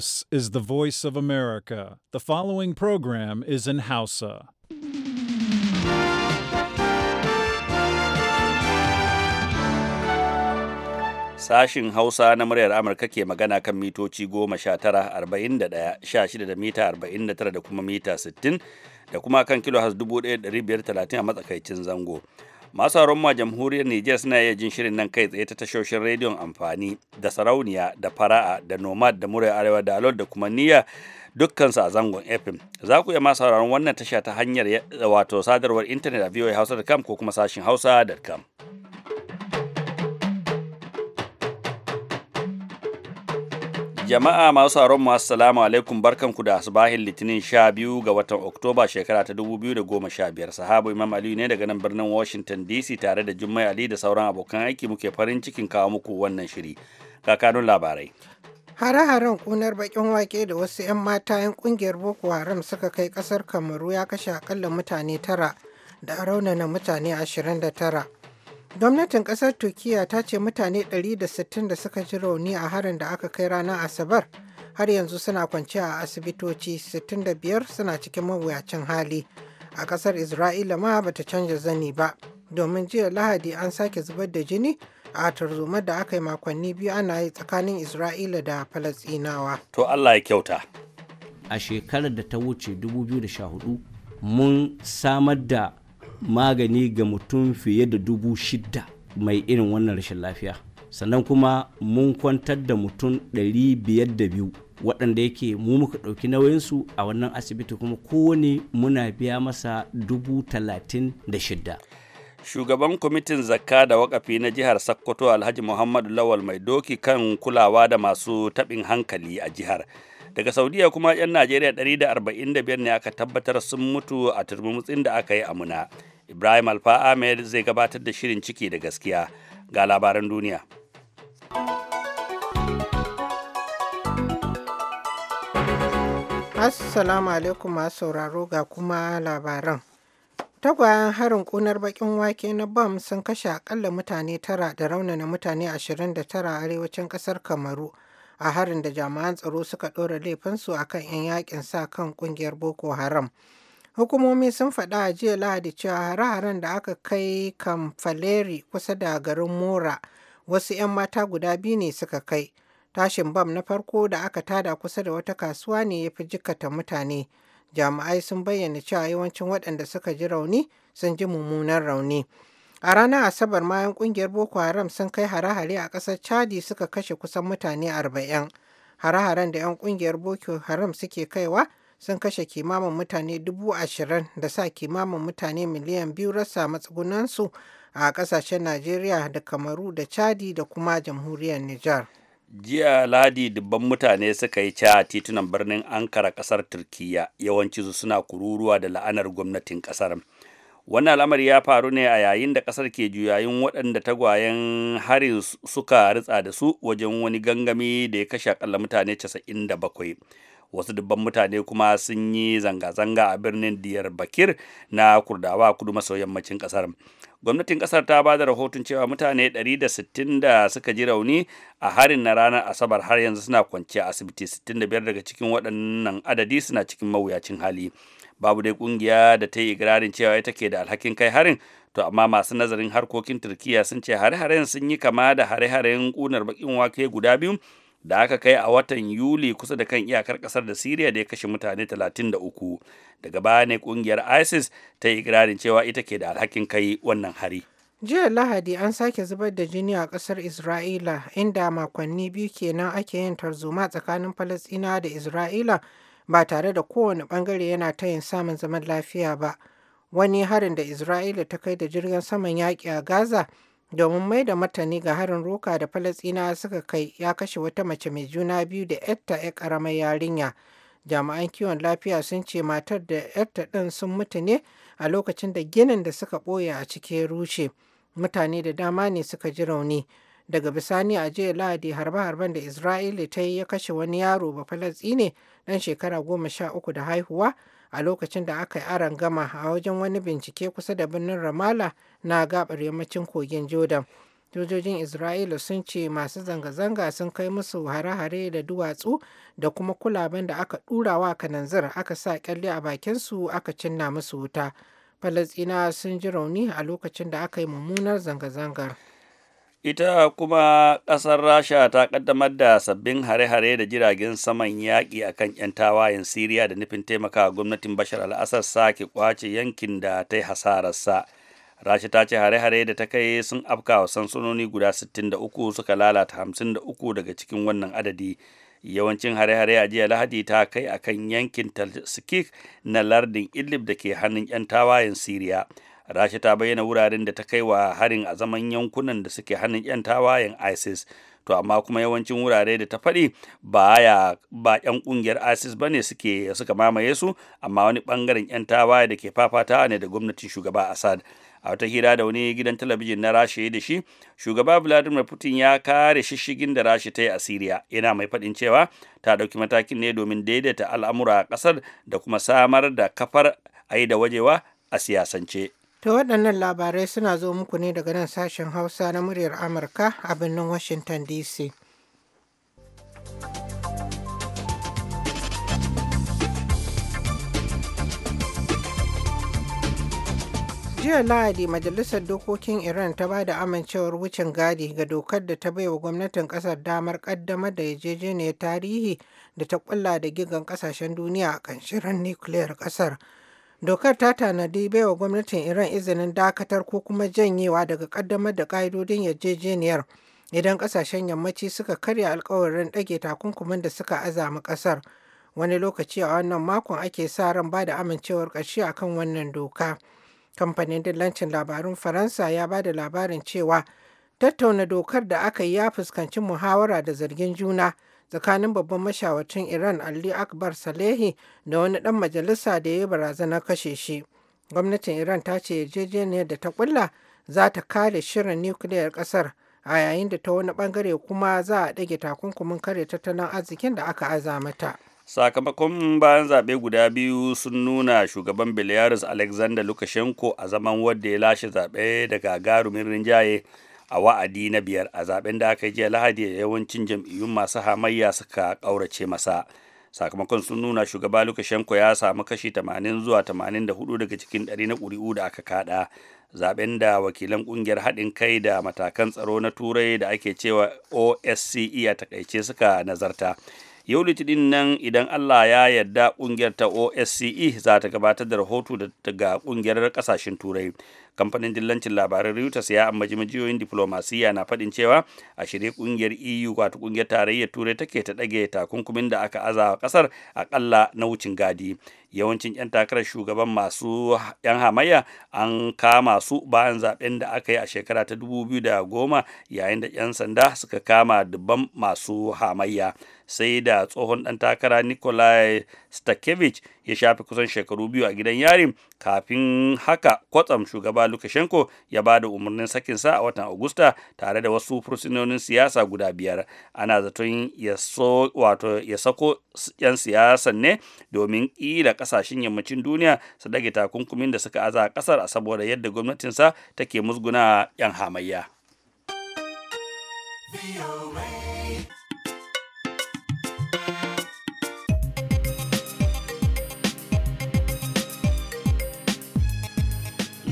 This is the voice of America. The following program is in Hausa. Sashin Hausa na muryar Amurka ke magana kan mitoci goma sha tara arba'in da ɗaya sha shida da mita arba'in da tara da kuma mita sittin da kuma kan kilo has dubu ɗaya da biyar talatin a matsakaicin zango. masu ma jamhuriyar Nijar suna iya jin shirin nan kai tsaye ta tashoshin rediyon amfani da sarauniya da fara'a da nomad da murai arewa da alod da kuma niyya dukkansu a zangon FM. Za ku iya masu sauraron wannan tasha ta hanyar wato sadarwar intanet a voahausa.com ko kuma sashin hausa.com. Jama'a masu sauraron mu assalamu alaikum barkanku da asubahin Litinin 12 ga watan Oktoba shekara ta 2015. Sahabu Imam Aliyu ne daga nan birnin Washington DC tare da Jummai Ali da sauran abokan aiki muke farin cikin kawo muku wannan shiri. Kakanun labarai. Hare-haren kunar bakin wake da wasu 'yan mata 'yan kungiyar Boko Haram suka kai kasar Kamaru ya kashe akalla mutane tara da raunana mutane ashirin da tara. Gwamnatin ƙasar Turkiyya ta ce mutane 160 da suka ji rauni a harin da aka kai ranar Asabar har yanzu suna kwance a asibitoci 65 suna cikin mawuyacin hali. A ƙasar Isra'ila ma bata canza zani ba, domin jiya Lahadi an sake zubar da jini a tarzoma da aka yi makonni biyu ana yi tsakanin Isra'ila da Falasinawa. To Allah ya kyauta. A shekarar da ta wuce 2014 mun samar da magani ga mutum fiye da dubu shida mai irin wannan rashin lafiya sannan kuma mun kwantar da mutum biyar da ɗari biyu waɗanda yake mu muka ɗauki nauyinsu a wannan asibiti kuma kowane muna biya masa dubu talatin da shidda shugaban kwamitin zakka da wakafi na jihar sokoto alhaji muhammadu lawal mai doki kan kulawa da masu taɓin hankali a jihar daga saudiya kuma 'yan najeriya 145 ne aka tabbatar sun mutu a turmutsin da aka yi a muna ibrahim alfa ahmed zai gabatar da shirin ciki da gaskiya ga labaran duniya assalamu alaikum masu sauraro ga kuma labaran tagwayen harin kunar bakin wake na bam sun kashe akalla mutane tara da raunana mutane 29 a arewacin kasar kamaru a harin da jami'an tsaro suka ɗora laifinsu a kan 'yan yakin sa kan ƙungiyar boko haram hukumomi sun faɗa a jiya lahadi cewa hare-haren da aka kai kan faleri kusa da garin mora wasu 'yan mata guda biyu ne suka kai tashin bam na farko da aka tada kusa da wata kasuwa ne ya fi jikkata mutane jami'ai sun bayyana cewa yawancin waɗanda suka ji rauni sun ji mummunan rauni A ranar Asabar ma 'yan kungiyar Boko Haram sun kai hare-hare a ƙasar Chadi suka kashe kusan mutane 40 Hare-haren da 'yan kungiyar Boko Haram suke kaiwa sun kashe kimamin mutane dubu ashirin da sa kimamin mutane miliyan biyu rasa matsugunansu a ƙasashen Najeriya da Kamaru da Chadi da kuma jamhuriyar Nijar. jiya ladi dubban mutane suka yi ca a titunan birnin ankara ƙasar turkiya yawanci su suna kururuwa da la'anar gwamnatin ƙasar. wannan al'amari ya faru ne a yayin da kasar ke juyayin waɗanda tagwayen harin suka ritsa da su wajen wani gangami da ya kashe akalla mutane 97 wasu dubban mutane kuma sun yi zanga-zanga a birnin diyar bakir na kurdawa kudu maso yammacin kasar gwamnatin kasar ta ba da rahoton cewa mutane 160 da suka ji rauni a harin na ranar asabar har yanzu suna a asibiti 65 daga cikin waɗannan adadi suna cikin mawuyacin hali babu dai ƙungiya da ta yi igirarin cewa ita ke da alhakin kai harin to amma masu nazarin harkokin turkiya sun ce hare-haren sun yi kama da hare-haren kunar bakin wake guda biyu da aka kai a watan yuli kusa da kan iyakar kasar da siriya da ya kashe mutane 33 daga baya ne kungiyar isis ta yi ikirarin cewa ita ke da alhakin kai wannan hari jiya lahadi an sake zubar da jini a kasar isra'ila inda makonni biyu kenan ake yin tarzoma tsakanin falasina da isra'ila ba tare da kowane bangare yana ta yin samun zaman lafiya ba wani harin da isra'ila ta kai da jirgin saman yaƙi a gaza domin mai da martani ga harin roka da falasina suka kai ya kashe wata mace mai juna biyu da yarta ya karamar yarinya jami'an kiwon lafiya sun ce matar da yarta ɗin sun mutu ne a lokacin da ginin da suka ɓoye a cikin rushe mutane da dama ne suka ji rauni daga bisani a jiya lahadi harbe-harben da isra'ila ta yi ya kashe wani yaro ba ne, ɗan shekara goma sha uku da haihuwa a lokacin da aka yi aron gama a wajen wani bincike kusa da birnin Ramala na gabar yammacin kogin Jordan. Jojojin Isra'ila sun ce masu zanga-zanga sun kai musu hare-hare da duwatsu da kuma kulaben da aka ɗura wa kananzir aka sa kyalle a bakinsu aka cinna musu wuta. Falasina sun ji rauni a lokacin da aka yi mummunar zanga-zangar. ita kuma ƙasar rasha ta ƙaddamar da sabbin hare-hare da jiragen saman yaƙi a kan 'yan tawayen siriya da nufin taimaka gwamnatin bashar al'asar sake kwace yankin da ta yi hasararsa rasha ta ce hare-hare da ta kai sun afka wa sansanoni guda 63 suka lalata 53 daga cikin wannan adadi yawancin hare-hare a jiya lahadi ta kai akan yankin talskik na lardin idlib da ke hannun 'yan tawayen siriya rasha ta bayyana wuraren da ta kai wa harin a zaman yankunan da suke hannun 'yan tawayen isis to amma kuma yawancin wurare da ta faɗi ba ya ba 'yan ƙungiyar isis ba ne suke suka mamaye su amma wani ɓangaren 'yan tawaye da ke fafatawa ne da gwamnatin shugaba assad a wata hira da wani gidan talabijin na rasha da shi shugaba vladimir putin ya kare shishigin da rasha ta yi a siriya yana mai faɗin cewa ta ɗauki matakin ne domin daidaita al'amura a ƙasar da kuma samar da kafar a yi da wajewa a siyasance To waɗannan labarai suna zo muku ne daga nan sashen Hausa na muryar Amurka a birnin Washington DC. jiya lahadi majalisar dokokin iran ta ba da amincewar wucin gadi ga dokar da ta baiwa gwamnatin kasar damar kaddamar da yarjejeniyar tarihi da ta kulla da gigan kasashen duniya a kan shirin nukiliyar kasar Dokar ta tanadi baiwa gwamnatin Iran izinin dakatar ko kuma janyewa daga kaddamar da ƙa'idodin yarjejeniyar idan ƙasashen yammaci suka karya alkawarin ɗage takunkumin da suka azama ƙasar. Wani lokaci a wannan makon ake sa ran ba da amincewar ƙarshe a kan wannan doka. Kamfanin dillancin labarun Faransa ya ba da labarin cewa tattauna dokar da aka yi ya fuskanci muhawara da zargin juna tsakanin babban mashawarcin Iran Ali Akbar Salehi da wani ɗan majalisa da ya yi barazana kashe shi. Gwamnatin Iran ta ce yarjejeniyar da ta kulla za ta kare shirin nukiliyar ƙasar a yayin da ta wani bangare kuma za a dage takunkumin kare tattalin arzikin da aka aza mata. sakamakon bayan zaɓe guda biyu sun nuna shugaban belarus alexander lukashenko a zaman wadda ya lashe zaɓe da gagarumin rinjaye a wa'adi na biyar a zaben da aka yi jiya lahadi da yawancin jam'iyyun masu hamayya suka ƙaurace masa sakamakon sun nuna shugaba lukashenko ya samu kashi 80 zuwa tamanin da hudu daga cikin ɗari na ƙuri'u da aka kaɗa. zaben da wakilan ƙungiyar haɗin kai da matakan tsaro na turai da ake cewa osce a takaice suka nazarta yau litinin nan idan allah ya yarda ƙungiyar ta osce za ta gabatar da rahoto daga ƙungiyar ƙasashen turai kamfanin dillancin labaran reuters ya ambaci majiyoyin diplomasiya na faɗin cewa a shirye kungiyar eu wato ƙungiyar tarayyar turai take ta ɗage takunkumin da aka aza wa ƙasar aƙalla na wucin gadi yawancin 'yan takarar shugaban masu 'yan hamayya an kama su bayan zaben da aka yi a shekara ta 2010 yayin da 'yan sanda suka kama dubban masu hamayya sai da tsohon ɗan takara nikolai stakevich ya shafi kusan shekaru biyu a gidan yarin kafin haka kwatsam shugaba lukashenko ya ba da umarnin sakinsa a watan agusta tare da wasu fursunonin siyasa guda biyar ana zaton ya wato ya sako 'yan siyasan ne domin ƙila ƙasashen yammacin duniya su dage takunkumin da suka aza a ƙasar saboda yadda gwamnatinsa take musguna 'yan hamayya.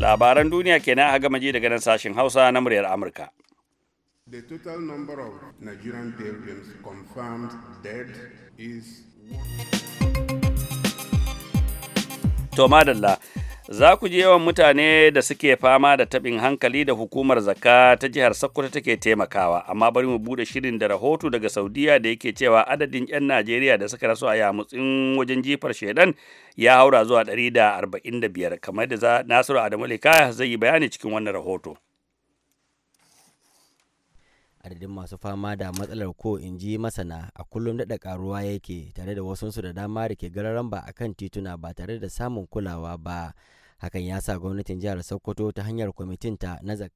labaran duniya kenan a gama ji daga nan sashen hausa na muryar amurka The total number of Nigerian pilgrims confirmed dead is... To madalla, za ku je yawan mutane da suke fama da taɓin hankali da hukumar zakka ta jihar Sokoto take taimakawa amma bari mu bude shirin da rahoto daga Saudiya da yake cewa adadin 'yan Najeriya da suka rasu a yamutsin wajen jifar shaidan ya haura zuwa 145 kamar da Nasiru Adamu Likaya zai yi bayani cikin wannan rahoto. adadin masu fama da matsalar ko in ji masana a kullum daɗa karuwa yake tare da wasunsu da dama da ke gararan ba a kan tituna ba tare da samun kulawa ba hakan ya sa gwamnatin jihar sokoto ta hanyar kwamitinta na zak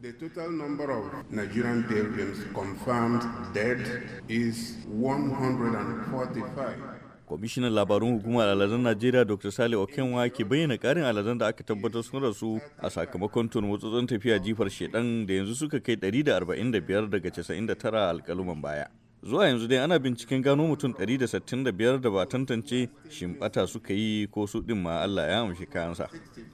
The total number of Nigerian pilgrims confirmed dead is 145. kwamishinan labarun hukumar aladun najeriya dr sale okenwa ke bayyana karin aladun da aka tabbatar sun rasu a sakamakon turmutsutsun tafiya jifar shedan da yanzu suka kai 145 daga 99 alkaluman baya zuwa yanzu dai ana binciken gano mutum 165 da ba tantance shimbata suka yi ko su din ma Allah ya amshi kayansa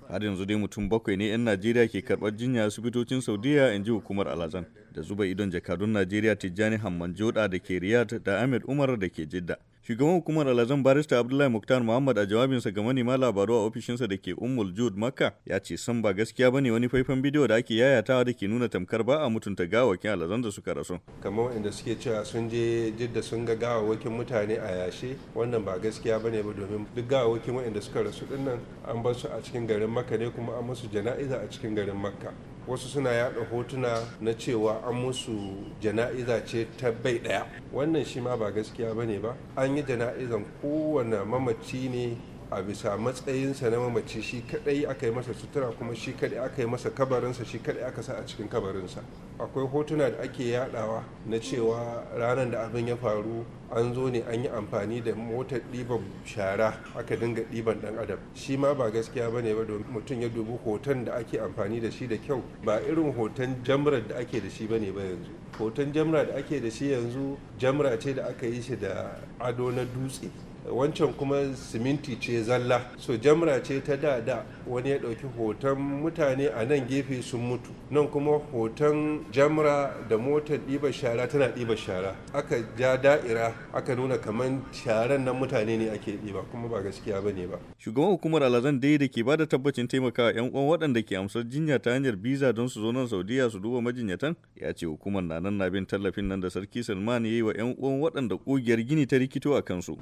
har yanzu dai mutum bakwai ne 'yan Najeriya ke karbar jinya asibitocin Saudiya in ji hukumar Alazan da zuba idon jakadun Najeriya Tijjani Hamman Joda da ke Riyadh da Ahmed Umar da ke Jidda Shugaban hukumar alazan barista Abdullahi Muktar Muhammad a jawabinsa ga manema labaru a ofishinsa da ke Ummul Jud Makka ya ce san ba gaskiya bane wani faifan bidiyo da ake yayatawa da ke nuna tamkar ba a mutunta gawakin alazan da suka rasu. Kamar waɗanda suke cewa sun je jidda sun ga gawakin mutane a yashe wannan ba gaskiya bane ba domin duk gawakin waɗanda suka rasu dinnan an bar su a cikin garin Makka ne kuma an musu jana'iza a cikin garin Makka. wasu suna yada hotuna na cewa an musu jana'iza ce ta bai daya wannan shi ma ba gaskiya bane ba an yi jana'izan kowane mamaci ne a bisa matsayinsa na mamaci shi kadai aka yi masa sutura kuma shi kadai aka yi masa kabarinsa shi kadai aka sa a cikin kabarinsa akwai hotuna da ake yadawa na cewa ranar da abin ya faru an zo ne an yi amfani da motar ɗiban shara aka dinga ɗiban ɗan adam shi ma ba gaskiya ba ne ba domin mutum ya dubi hoton da ake amfani da shi da kyau ba irin hoton jamrar da ake da shi ba ne ba yanzu hoton jamra da ake da shi yanzu jamra ce da aka yi shi da ado na dutse wancan kuma siminti ce zalla so jamra ce ta dada wani ya ɗauki hoton mutane a nan gefe sun mutu nan kuma hoton jamra da motar ɗiba shara tana ɗiba shara aka ja da'ira aka nuna kamar sharan nan mutane ne ake ɗiba kuma ba gaskiya ba ne ba shugaban hukumar alazan dai da ke ba tabbacin taimakawa yan uwan waɗanda ke amsar jinya ta hanyar biza don su zo nan saudiya su duba majinyatan ya ce hukumar na nan na bin tallafin nan da sarki salman ya yi wa yan uwan waɗanda ƙugiyar gini ta rikito a kansu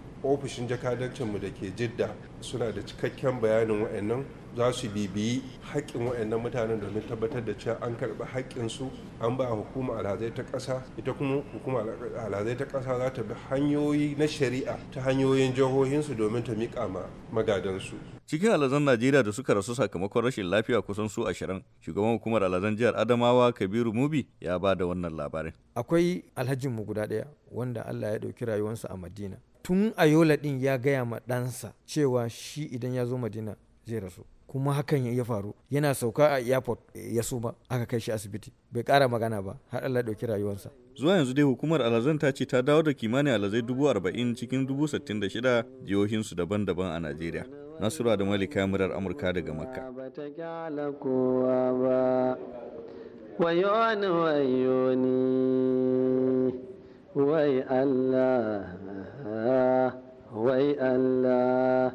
ofishin jakadancinmu da ke jidda suna da cikakken bayanin wa'annan za su bibiyi haƙƙin wa'annan mutanen domin tabbatar da cewa an karɓi haƙƙinsu an ba hukuma alhazai ta ƙasa ita kuma hukuma alhazai ta ƙasa za ta bi hanyoyi na shari'a ta hanyoyin jihohinsu domin ta miƙa ma magadansu cikin alazan najeriya da suka rasu sakamakon rashin lafiya kusan su ashirin shugaban hukumar alazan jihar adamawa kabiru mubi ya ba da wannan labarin akwai alhajinmu guda ɗaya wanda allah ya ɗauki rayuwarsa a madina tun a yola ɗin ya gaya ma ɗansa cewa shi idan ya zo madina zai rasu kuma hakan ya faru yana sauka a airport eh, ya suma aka kai shi asibiti bai kara magana ba har Allah ɗauki rayuwarsa zuwa yanzu dai hukumar alazan ta ce ta dawo da kimanin alazai dubu arba'in cikin dubu sittin da shida jihohinsu daban-daban a najeriya nasiru da malika murar amurka daga makka wayoni wayoni wai Allah wai Allah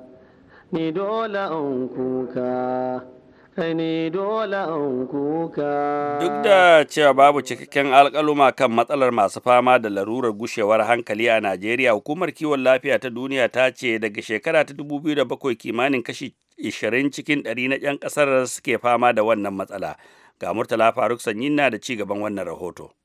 ni dole in kuka Duk da cewa babu cikakken alkaluma kan matsalar masu fama da larurar gushewar hankali a Najeriya, hukumar kiwon lafiya ta duniya ta ce daga shekara ta 2007 kimanin kashi 20 cikin 100 na 'yan ƙasar suke fama da wannan matsala. Ga Murtala Faruk Sanyin na da ci gaban wannan rahoto.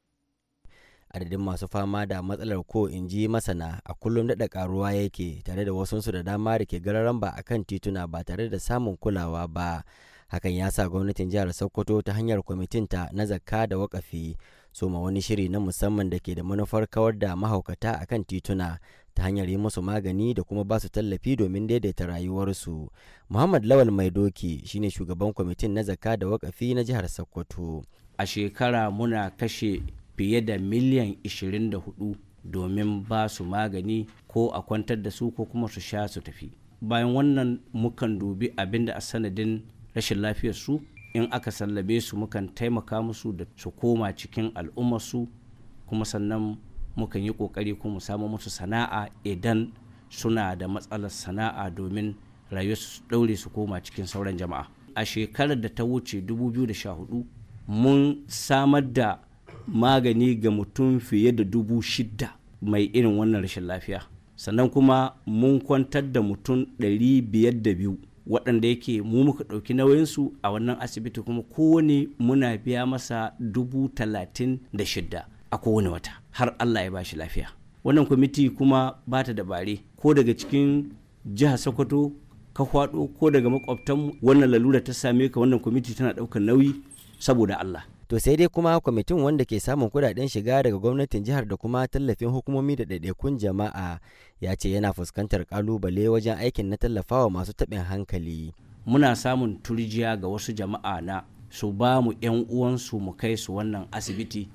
adadin masu fama da matsalar ko in ji masana a kullum daɗa karuwa yake tare da wasunsu da dama da ke gararan ba a kan tituna ba tare da samun kulawa ba hakan ya sa gwamnatin jihar sokoto ta hanyar kwamitinta na zakka da wakafi soma wani shiri na musamman da ke da manufar kawar da mahaukata a kan tituna ta hanyar yi musu magani da kuma ba su tallafi domin daidaita rayuwarsu muhammad lawal mai doki shine shugaban kwamitin na zakka da wakafi na jihar sokoto a shekara muna kashe fiye da miliyan 24 domin ba su magani ko a kwantar da su ko kuma su sha su tafi bayan wannan mukan dubi abin da a sanadin rashin lafiyar su in aka sallabe su mukan taimaka musu da su koma cikin al'ummarsu kuma sannan mukan yi kokari mu samu musu sana'a idan suna da matsalar sana'a domin rayuwarsu su daure su koma cikin sauran jama'a a shekarar da ta wuce 2014 mun samar da magani ga mutum fiye da dubu shida mai irin wannan rashin lafiya sannan kuma mun kwantar da mutum ɗari biyar da biyu waɗanda yake mu muka ɗauki nauyinsu a wannan asibiti kuma kowane muna biya masa dubu talatin da shida a kowane wata har allah ya bashi lafiya wannan kwamiti kuma ba ta dabare ko daga cikin jihar sokoto ka kwaɗo ko daga makwabtanmu wannan lalura ta same ka wannan kwamiti tana ɗaukar nauyi saboda allah to sai dai kuma kwamitin wanda ke samun kudaden shiga daga gwamnatin jihar da kuma tallafin hukumomi da ɗaiɗaikun jama'a ya ce yana fuskantar kalubale wajen aikin na tallafawa masu taɓin hankali muna samun turjiya ga wasu jama'a na su ba mu 'yan uwansu mu kai su wannan asibiti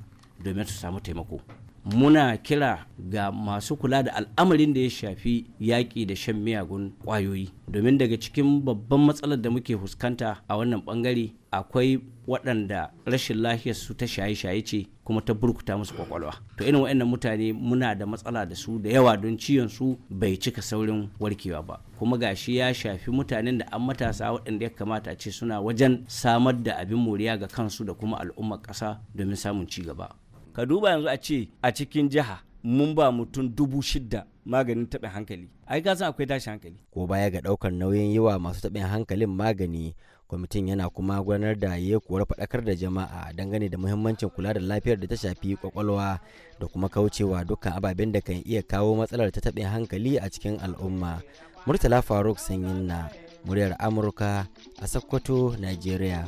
domin su samu taimako muna kira ga masu kula da al'amarin da ya shafi yaƙi da shan miyagun ƙwayoyi domin daga cikin babban matsalar da muke fuskanta a wannan ɓangare akwai waɗanda rashin su ta shaye-shaye ce kuma ta burkuta musu kwakwalwa to irin waɗannan mutane muna da matsala da su da yawa don ciwon su bai cika saurin warkewa ba kuma gashi ya shafi mutanen da an matasa waɗanda ya kamata ce suna wajen samar da abin moriya ga kansu da kuma al'ummar ƙasa domin samun ci gaba ka duba yanzu a ce a cikin jiha mun ba mutum dubu shidda maganin taɓin hankali ai ka san akwai tashin hankali ko baya ga ɗaukar nauyin yi masu taɓin hankalin magani kwamitin yana kuma gudanar da ya yekuwar faɗakar da jama'a dangane da muhimmancin kula da lafiyar da ta shafi kwakwalwa da kuma kaucewa dukkan ababen da kan iya kawo matsalar ta taɓin hankali a cikin al'umma murtala faruk sanyin na muryar amurka a sokoto nigeria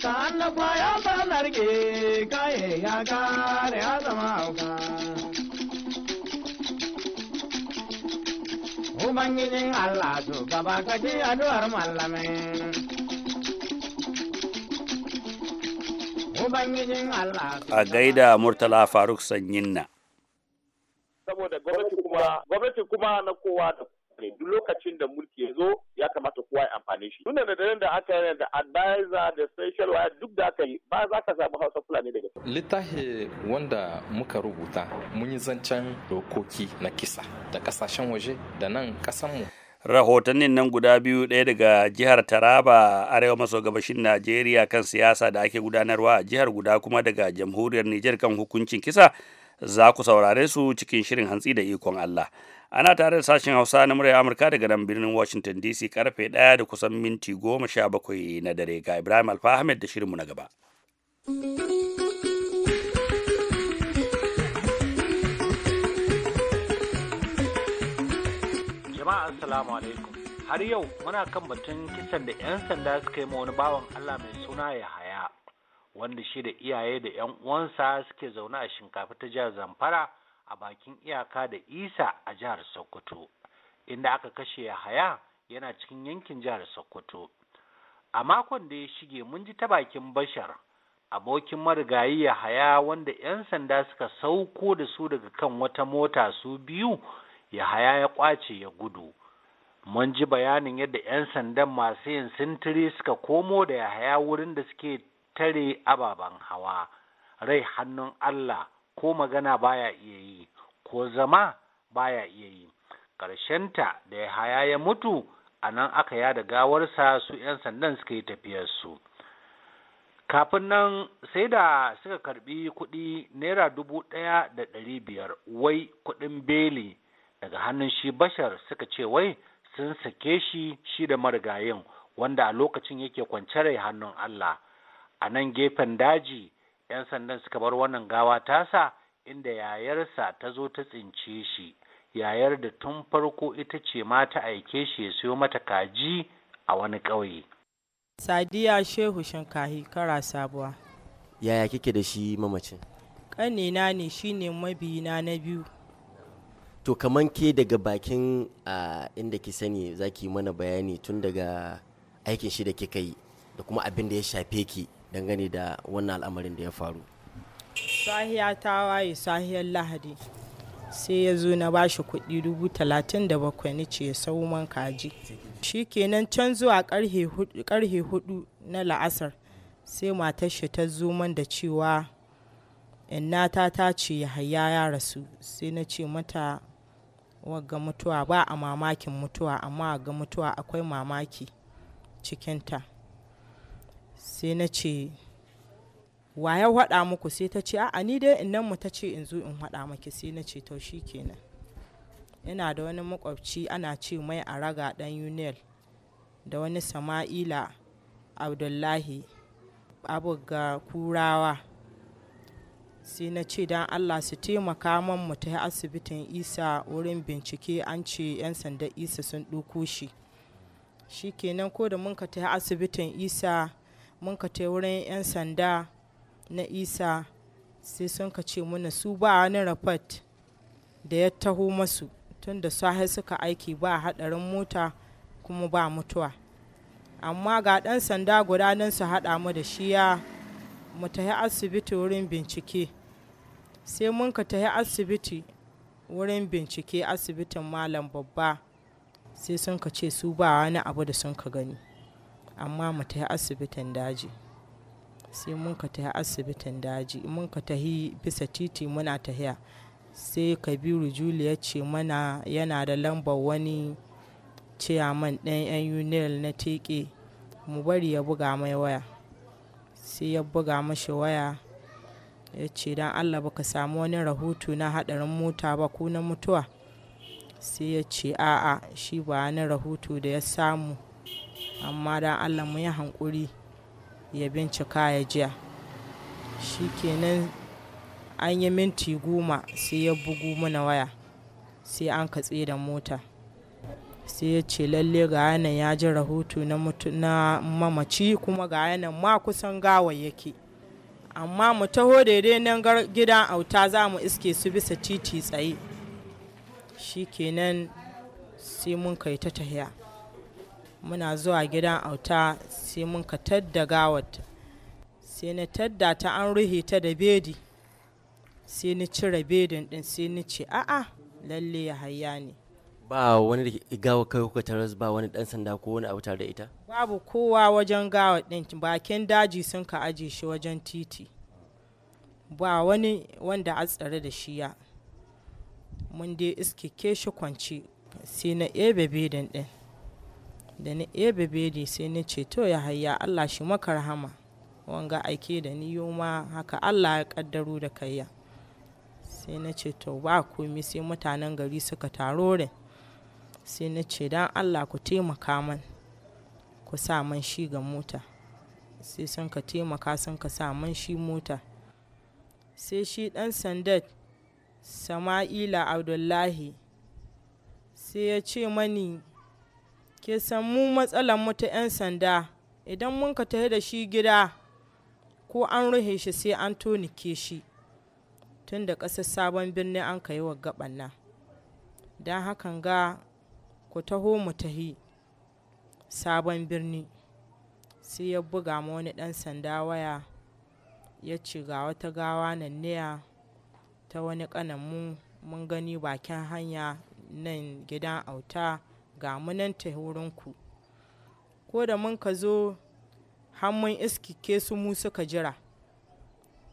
ta karke rike kaye ya kare ya zama hauka. Ubangijin Allah su gaba ka ji addu'ar mallamin. Ubangijin Allah A gaida Murtala Faruk Sanyinna. Saboda gwamnati kuma, gwamnati kuma na kowa da ne duk lokacin da mulki ya zo ya kamata kowa ya amfani shi tunda da daren da aka yi da advisor da special wire duk da aka yi ba za ka samu hausa fulani daga littafi wanda muka rubuta mun yi zancen dokoki na kisa da kasashen waje da nan kasanmu rahotannin nan guda biyu ɗaya daga jihar taraba arewa maso gabashin najeriya kan siyasa da ake gudanarwa a jihar guda kuma daga jamhuriyar nijar kan hukuncin kisa za ku saurare su cikin shirin hantsi da ikon allah ana tare da sashen hausa na murya amurka daga nan birnin washington dc karfe ɗaya da kusan minti goma sha bakwai na dare ga ibrahim alfa da shirinmu na gaba jama'a assalamu alaikum har yau muna kan batun kisan da 'yan sanda suka yi ma wani bawan allah mai suna ya haya wanda shi da iyaye da 'yan uwansa suke zaune a shinkafa ta jihar zamfara a bakin iyaka da isa a jihar sokoto inda aka kashe yahaya yana cikin yankin jihar sokoto a makon da ya shige mun ji ta bakin bashar abokin marigayi yahaya wanda 'yan sanda suka sauko da su daga kan wata mota su biyu yahaya ya kwace ya gudu mun ji bayanin yadda 'yan sandan masu yin sintiri suka komo da yahaya wurin da suke tare ababen hawa rai hannun allah ko magana baya iya yi ko zama baya iya yi ta da ya haya ya mutu a nan aka yada gawarsa su 'yan sandan suka yi tafiyarsu kafin nan sai da suka karbi kuɗi naira dubu ɗaya da ɗari biyar wai kuɗin beli daga hannun shi bashar suka ce wai sun sake shi shi da marigayin wanda a lokacin yake kwance rai hannun allah a nan gefen daji 'yan sandan suka bar wannan gawa tasa inda yayarsa ta zo ta tsince shi yayar da tun farko ita ce ma ta aike shi ya siyo mata kaji a wani ƙauye. sadiya shehu shinkahi kara sabuwa yaya kike da shi mamacin ƙanina ne shine mabiyina na biyu to kaman ke daga bakin inda ki sani za ki mana bayani tun daga aikin shi da kika yi da kuma abin da ya shafe ki dangane da wannan al'amarin da ya faru sahiya ta waye sahiyar lahadi sai ya zo na bashi kuɗi dubu talatin da bakwai ni ce sauman kaji shi kenan can zuwa karhe hudu na la'asar sai matar shi ta zo man da cewa inna ta ce yahaya ya rasu sai na ce mata ga mutuwa ba a mamakin mutuwa amma ga mutuwa akwai mamaki cikinta sai na ce wa ya haɗa muku sai ta ce a ni dai in nan mu ta ce in zo in haɗa maki sai na ce taushi kenan ina da wani makwabci ana ce mai a raga ɗan yunel da wani sama'ila abdullahi abu ga kurawa sai na ce don allah su taimaka man mu ta asibitin isa wurin bincike an ce 'yan sandan isa sun ɗauko shi kenan ko da mun ka ta asibitin isa mun ka te wurin 'yan sanda na isa sai sun ka ce mana su ba wani rapat da ya taho masu tun da sahi suka aiki ba haɗarin mota kuma ba mutuwa amma ga ɗan sanda guda su haɗa mu da shi ya mu tahi asibiti wurin bincike sai mun ka tahi asibiti wurin bincike asibitin malam babba sai sun ka ce su ba wani abu da sun ka gani amma mu ta asibitin daji sai mun ka ta asibitin daji mun ka ta bisa titi muna tahiya sai kabiru juliya ce mana yana da lambar wani ciyaman ɗan yan unil na teke mu bari ya buga mai waya sai ya buga mashi waya ya ce don allah baka samu wani rahoto na haɗarin mota ba ko na mutuwa sai ya ce a'a shi ba wani rahoto da ya samu amma da allah mu yi hankuri ya bincika ya jiya shi kenan an yi minti goma sai ya bugu mana waya sai an katse da mota sai ya ce lalle ga yanan ya ji rahoto na mamaci kuma ga yanan ma kusan gawa yake amma mu taho daidai nan gidan auta za mu iske su bisa titi tsaye shi kenan sai mun kai ta tahiya muna zuwa gidan auta sai mun ka tadda gawata sai na tadda ta an ruhe ta da bedi sai ni cire bedin din sai ni ce a'a lalle ya hayya ne ba wani da gawa kai kuka taras ba wani dan sanda ko wani abu tare da ita babu kowa wajen gawa din bakin daji sun ka aje shi wajen titi ba wani wanda a tsare da shi ya mun dai ke shi kwance sai na ebe bedin din da na ebe bedi sai na ce to ya hayya Allah shi maka rahama wanga aike da ni ma haka Allah ya kaddaro da kayya sai na ce to ba komi sai mutanen gari suka taro re sai na ce dan Allah ku taimaka man ku sa man shi ga mota sai sun ka taimaka sun ka sa man shi mota sai shi dan sandat sama'ila abdullahi sai ya ce mani ke samu matsalar mu ta 'yan sanda idan mun ka tafi da shi gida ko an ruhe shi sai an tonike shi tun da ƙasar sabon birni an ka yi wa gaban nan don hakan ga ku taho mu tahi sabon birni sai ya buga ma wani ɗan sanda waya ya ce ga wata gawa nan niya ta wani ƙanan mu mun gani bakin hanya nan gidan auta ga nan ta wurinku ko da mun ka zo hannun iskike su mu suka jira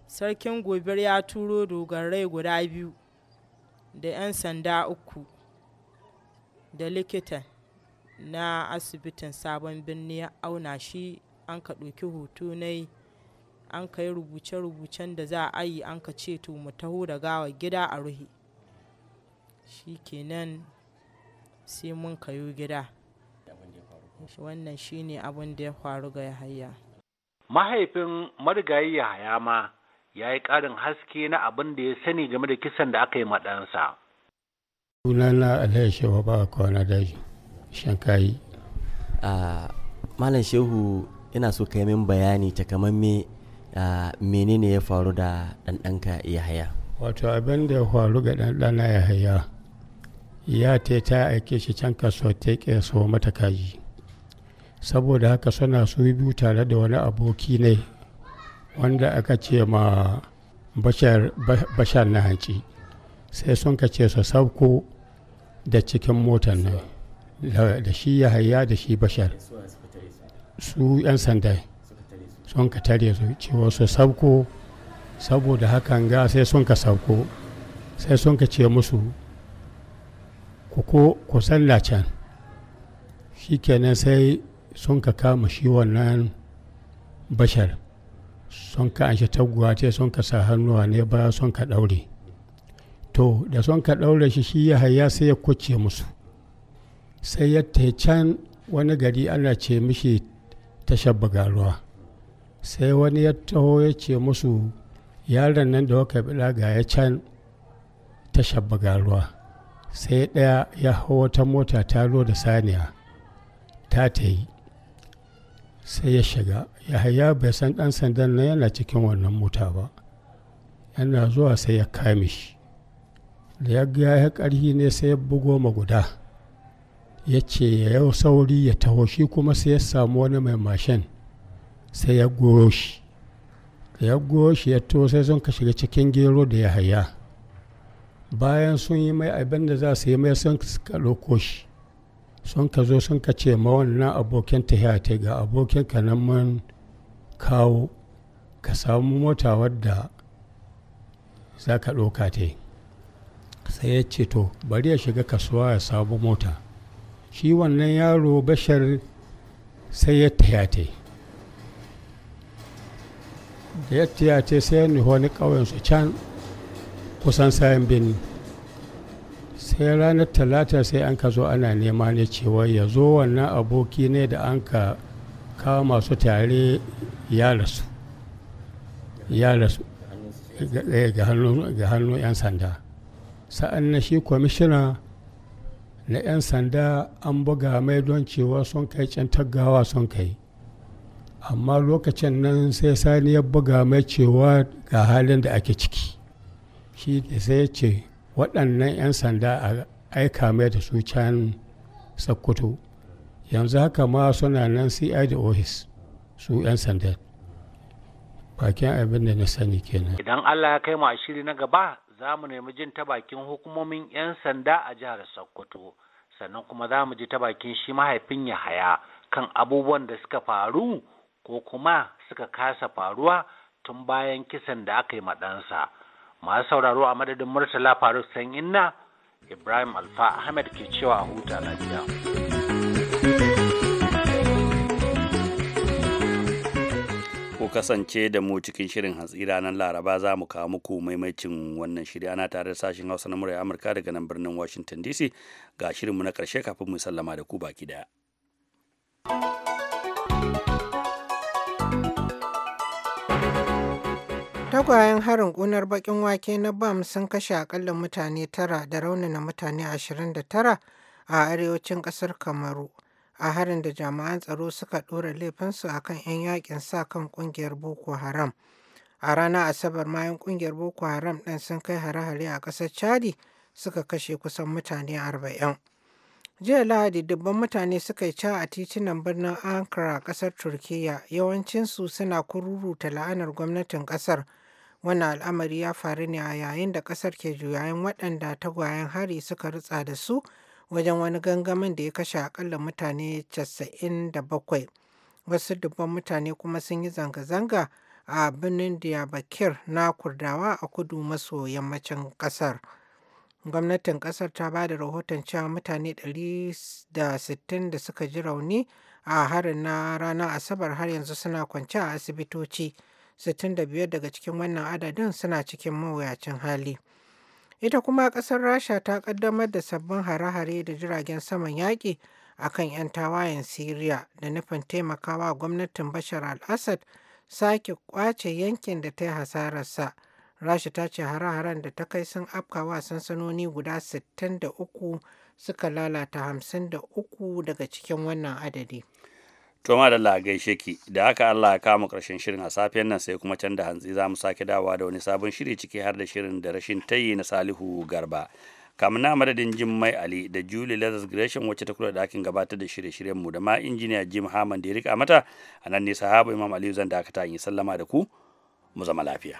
sarkin gobir ya turo dogarai guda biyu da 'yan sanda uku da likita na asibitin sabon birni ya auna shi an ka ɗauki hoto na an ka yi rubuce-rubucen da za a yi an ka ce to mu taho da gawa gida a ruhi shi kenan sai mun kayu gida wannan shine abin da ya faru ga yahaya mahaifin marigayi yahaya ma ya yi ƙarin haske na abin da ya sani game da kisan da aka yi maɗansa. sunana alayhi shehu ba kwana da shankayi a ah, malam shehu ina so ka yi min bayani ta me ah, menene ya faru da ɗanɗanka yahaya wato abin da ya faru ga ɗanɗana yahaya ya ta ta aike shi can kaso ta so mata kaji saboda haka suna su biyu tare da wani aboki ne wanda aka ce ma bashar na hanci sai sun ka ce su sauko da cikin motar nan da shi ya haya da shi bashar su 'yan sanda sun ka tare su cewa su sauko saboda hakan ga sai sun ka sauko sai sun ka ce musu ku ko ku shi can sai sun ka kama shi wannan bashar sun ka an shi taguwa ce sun ka sa hannuwa ne ba sun ka ɗaure to da sun ka ɗaure shi shi ya haya sai ya kuce musu sai ya can wani gari ana ce mishi tashabbaga ruwa sai wani ya taho ya ce musu yaron nan da waka bila ga ya can ta shabba ruwa sai ɗaya ya hau wata mota ta da saniya ta ta yi sai ya shiga yahaya bai san ɗan sandan nan yana cikin wannan mota ba yana zuwa sai ya kame shi da ya ga ya ƙarhi ne sai ya bugo ma guda ya ce ya yau sauri ya taho shi kuma sai ya samu wani mai mashin sai ya goyo shi da ya goyo shi ya to sai sun ka shiga cikin gero da ya haya. bayan sun yi mai abin da za su yi mai sun ka ɗauko shi sun ka zo sun ka ce ma wannan abokin ta ta ga abokin ka nan mun kawo ka samu mota wadda za ka ɗauka ta sai ya ce to bari ya shiga kasuwa ya samu mota shi wannan yaro bashar sai ya ta ta da ya sai ya nufi ƙauyensu can kusan sayan birni sai ranar talata sai an ka zo ana nema ne cewa ya zo wannan aboki ne da an ka kawo masu tare ya rasu ya rasu eh, ga hannun 'yan sanda sa'an na shi kwamishina na 'yan sanda an buga mai don cewa sun kai can taggawa sun kai amma lokacin nan sai sani ya buga mai cewa ga halin da ake ciki shi sai ya ce waɗannan 'yan sanda a aika mai da su can sakkwato yanzu haka ma suna nan cid office su 'yan sanda bakin abin da na sani kenan idan allah ya kai mu ashiri na gaba za mu nemi jin ta bakin hukumomin 'yan sanda a jihar sokoto sannan kuma za mu ji ta bakin shi mahaifin ya haya kan abubuwan da suka faru ko kuma suka kasa faruwa tun bayan kisan da aka yi maɗansa. masu sauraro a madadin murtala faruk san inna ibrahim alfa ahmed ke cewa a huta lafiya ku kasance da mu cikin shirin hantsi ranar laraba za mu kawo muku maimacin wannan shirya ana tare da sashen hausa na murya amurka daga nan birnin washington dc ga shirinmu na karshe kafin mu sallama da ku baki daya Tagwayen harin ƙunar baƙin wake na BAM sun kashe akalla mutane tara da raunana mutane 29 a arewacin ƙasar Kamaru a harin da jami'an tsaro suka ɗora laifinsu a kan 'yan yakin sa kan ƙungiyar Boko Haram. A rana Asabar mayan ƙungiyar Boko Haram ɗin sun kai hare-hare a ƙasar Chadi suka kashe kusan mutane 40. Jiya Lahadi dubban mutane suka yi ca a titunan birnin Ankara ƙasar Turkiyya yawancinsu suna kururuta la'anar gwamnatin ƙasar Wannan al'amari ya faru ne a yayin da ƙasar ke juyayin waɗanda tagwayen hari suka rutsa da su wajen wani gangamin da ya kashe akalla mutane 97. Wasu dubban mutane kuma sun yi zanga-zanga a birnin diyabakir na Kurdawa a kudu maso yammacin ƙasar. Gwamnatin ƙasar ta ba da rahoton cewa mutane 160 da suka ji rauni a harin na ranar Asabar har yanzu suna kwance a asibitoci 65 daga cikin wannan adadin suna cikin mawuyacin hali. Ita kuma ƙasar Rasha ta ƙaddamar da sabbin hare-hare da jiragen saman yaƙi a kan 'yan tawayen Siriya da nufin taimakawa gwamnatin Bashar al-Assad sake ƙwace yankin da ta yi hasararsa. Rasha ta ce hare-haren da ta kai sun afkawa sansanoni guda 63 suka lalata 53 daga cikin wannan adadi. To ma da gaishe ki da haka Allah ya kama karshen shirin a safiyan nan sai kuma can da hantsi za mu sake dawowa da wani sabon shiri ciki har da shirin da rashin tayi na Salihu Garba. kamun na madadin jim mai ali da julie Lazarus gresham wacce ta kula da dakin gabatar da shirye-shiryen mu da ma injiniya jim Hammond da ya rika mata a nan ne sahabu imam aliyu zan dakata in yi sallama da ku mu zama lafiya